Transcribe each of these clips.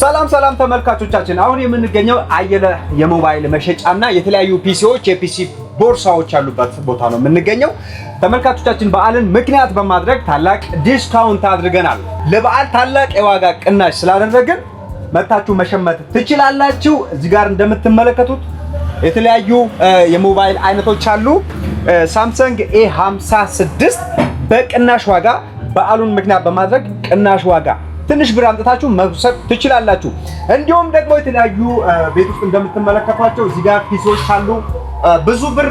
ሰላም ሰላም ተመልካቾቻችን፣ አሁን የምንገኘው አየለ የሞባይል መሸጫና የተለያዩ ፒሲዎች የፒሲ ቦርሳዎች ያሉበት ቦታ ነው የምንገኘው። ተመልካቾቻችን በዓልን ምክንያት በማድረግ ታላቅ ዲስካውንት አድርገናል። ለበዓል ታላቅ የዋጋ ቅናሽ ስላደረግን መታችሁ መሸመት ትችላላችሁ። እዚህ ጋር እንደምትመለከቱት የተለያዩ የሞባይል አይነቶች አሉ። ሳምሰንግ ኤ56 በቅናሽ ዋጋ በዓሉን ምክንያት በማድረግ ቅናሽ ዋጋ ትንሽ ብር አምጥታችሁ መብሰብ ትችላላችሁ። እንዲሁም ደግሞ የተለያዩ ቤት ውስጥ እንደምትመለከቷቸው እዚህ ጋር ኪሶች አሉ። ብዙ ብር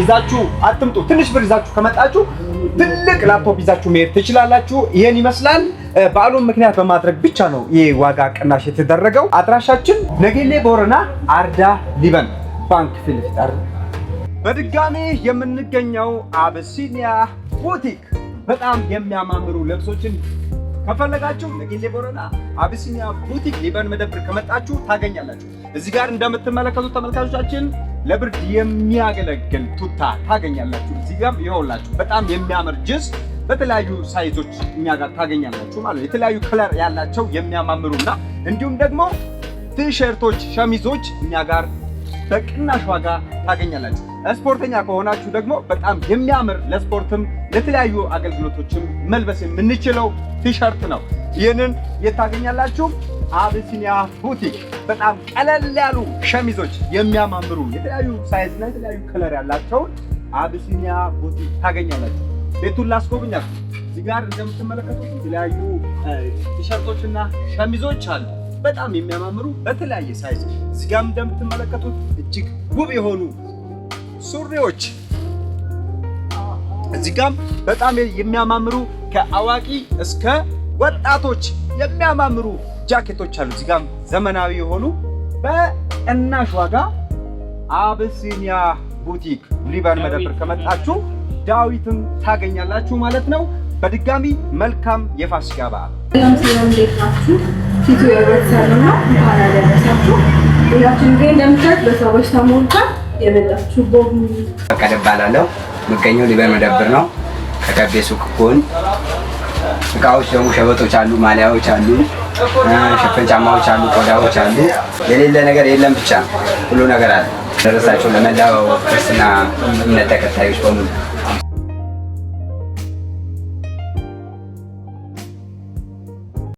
ይዛችሁ አትምጡ። ትንሽ ብር ይዛችሁ ከመጣችሁ ትልቅ ላፕቶፕ ይዛችሁ መሄድ ትችላላችሁ። ይህን ይመስላል። በዓሉን ምክንያት በማድረግ ብቻ ነው ይህ ዋጋ ቅናሽ የተደረገው። አድራሻችን ነገሌ ቦረና አርዳ ሊበን ባንክ ፊት ለፊት የምንገኘው አብሲኒያ ቡቲክ በጣም የሚያማምሩ ልብሶችን ከፈለጋችሁ ለጊዜ ቦረና አቢሲኒያ ቡቲክ ሊበን መደብር ከመጣችሁ ታገኛላችሁ። እዚህ ጋር እንደምትመለከቱት ተመልካቾቻችን ለብርድ የሚያገለግል ቱታ ታገኛላችሁ። እዚህ ጋር ይኸውላችሁ በጣም የሚያምር ጅንስ በተለያዩ ሳይዞች እኛ ጋር ታገኛላችሁ ማለት ነው። የተለያዩ ከለር ያላቸው የሚያማምሩና እንዲሁም ደግሞ ቲሸርቶች፣ ሸሚዞች እኛ ጋር በቅናሽ ዋጋ ታገኛላችሁ። ስፖርተኛ ከሆናችሁ ደግሞ በጣም የሚያምር ለስፖርትም ለተለያዩ አገልግሎቶችም መልበስ የምንችለው ቲሸርት ነው። ይህንን የታገኛላችሁ አብሲኒያ ቡቲክ። በጣም ቀለል ያሉ ሸሚዞች የሚያማምሩ የተለያዩ ሳይዝና የተለያዩ ከለር ያላቸውን አብሲኒያ ቡቲክ ታገኛላችሁ። ቤቱን ላስጎብኛችሁ። እዚህ ጋር እንደምትመለከቱት የተለያዩ ቲሸርቶችና ሸሚዞች አሉ በጣም የሚያማምሩ በተለያየ ሳይዝ። እዚህ ጋር እንደምትመለከቱት እጅግ ውብ የሆኑ ሱሪዎች እዚህ ጋም በጣም የሚያማምሩ ከአዋቂ እስከ ወጣቶች የሚያማምሩ ጃኬቶች አሉ። እዚህ ጋም ዘመናዊ የሆኑ በቅናሽ ዋጋ አብሲኒያ ቡቲክ ሊባን መደብር ከመጣችሁ ዳዊትን ታገኛላችሁ ማለት ነው። በድጋሚ መልካም የፋሲካ በዓል። ፊቱ የውበት ነው። እንኳን አደረሳችሁ። ሁላችን ግን እንደምታዩት በሰዎች ተሞልቷል። የመጣችሁ ቦሚ ፈቀደ እባላለሁ። የምገኘው ሊበን መደብር ነው፣ ከከቤ ሱቅ ጎን። እቃዎች ደግሞ ሸበጦች አሉ፣ ማሊያዎች አሉ፣ ሽፍን ጫማዎች አሉ፣ ቆዳዎች አሉ። የሌለ ነገር የለም፣ ብቻ ሁሉ ነገር አለ። ደረሳቸው ለመላው ክርስትና እምነት ተከታዮች በሙሉ